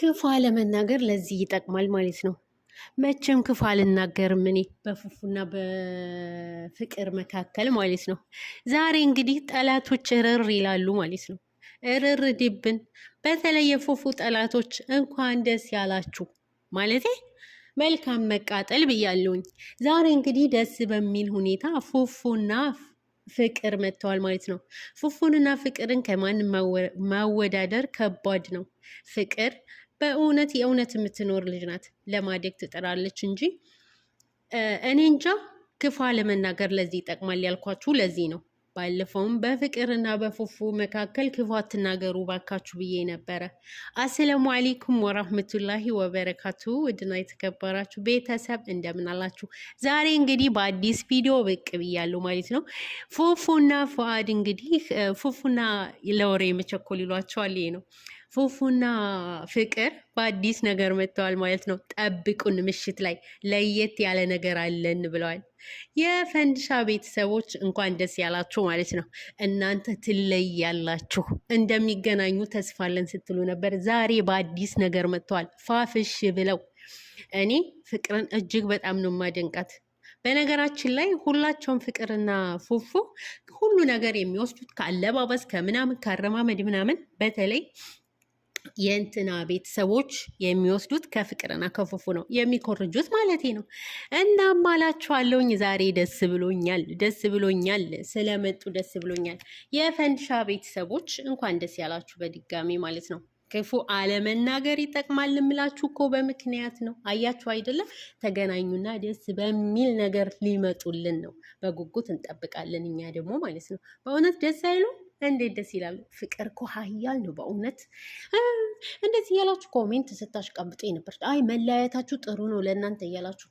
ክፉ አለመናገር ለዚህ ይጠቅማል ማለት ነው። መቼም ክፉ አልናገርም እኔ በፉፉና በፍቅር መካከል ማለት ነው። ዛሬ እንግዲህ ጠላቶች እርር ይላሉ ማለት ነው። እርር ድብን። በተለይ የፉፉ ጠላቶች እንኳን ደስ ያላችሁ ማለቴ መልካም መቃጠል ብያለውኝ። ዛሬ እንግዲህ ደስ በሚል ሁኔታ ፉፉና ፍቅር መጥተዋል ማለት ነው። ፉፉንና ፍቅርን ከማንም ማወዳደር ከባድ ነው። ፍቅር በእውነት የእውነት የምትኖር ልጅ ናት። ለማደግ ትጥራለች እንጂ እኔ እንጃ ክፋ ለመናገር ለዚህ ይጠቅማል ያልኳችሁ ለዚህ ነው። ባለፈውም በፍቅርና በፉፉ መካከል ክፋ አትናገሩ ባካችሁ ብዬ ነበረ። አሰላሙ አሌይኩም ወራህመቱላሂ ወበረካቱ። ውድና የተከበራችሁ ቤተሰብ እንደምን አላችሁ? ዛሬ እንግዲህ በአዲስ ቪዲዮ ብቅ ብያለሁ ማለት ነው። ፉፉና ፉአድ እንግዲህ ፉፉና ለወሬ መቸኮል ይሏቸዋል ነው ፉፉና ፍቅር በአዲስ ነገር መጥተዋል ማለት ነው። ጠብቁን፣ ምሽት ላይ ለየት ያለ ነገር አለን ብለዋል። የፈንድሻ ቤተሰቦች እንኳን ደስ ያላችሁ ማለት ነው። እናንተ ትለያላችሁ፣ እንደሚገናኙ ተስፋለን ስትሉ ነበር። ዛሬ በአዲስ ነገር መጥተዋል ፋፍሽ ብለው። እኔ ፍቅርን እጅግ በጣም ነው ማደንቃት በነገራችን ላይ ሁላቸውም ፍቅርና ፉፉ ሁሉ ነገር የሚወስዱት ከአለባበስ ከምናምን ከአረማመድ ምናምን በተለይ የእንትና ቤተሰቦች የሚወስዱት ከፍቅርና ከፉፉ ነው የሚኮርጁት ማለት ነው። እናም አላችኋለሁኝ ዛሬ ደስ ብሎኛል፣ ደስ ብሎኛል ስለመጡ ደስ ብሎኛል። የፈንድሻ ቤተሰቦች እንኳን ደስ ያላችሁ በድጋሚ ማለት ነው። ክፉ አለመናገር ይጠቅማል እምላችሁ እኮ በምክንያት ነው። አያችሁ አይደለም? ተገናኙና ደስ በሚል ነገር ሊመጡልን ነው። በጉጉት እንጠብቃለን እኛ ደግሞ ማለት ነው። በእውነት ደስ አይሉ እንዴት ደስ ይላል! ፍቅር እኮ ሀያል ነው በእውነት። እንደዚህ እያላችሁ ኮሜንት ስታሽቃብጡ የነበር አይ መለያየታችሁ ጥሩ ነው ለእናንተ እያላችሁ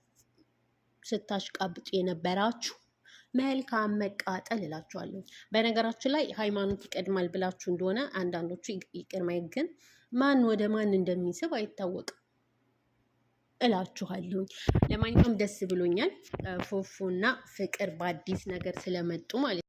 ስታሽቀብጡ የነበራችሁ መልካም መቃጠል እላችኋለሁ። በነገራችን ላይ ሃይማኖት ይቀድማል ብላችሁ እንደሆነ አንዳንዶቹ ይቅድማ፣ ግን ማን ወደ ማን እንደሚስብ አይታወቅም እላችኋለሁ። ለማንኛውም ደስ ብሎኛል ፉፉና ፍቅር በአዲስ ነገር ስለመጡ ማለት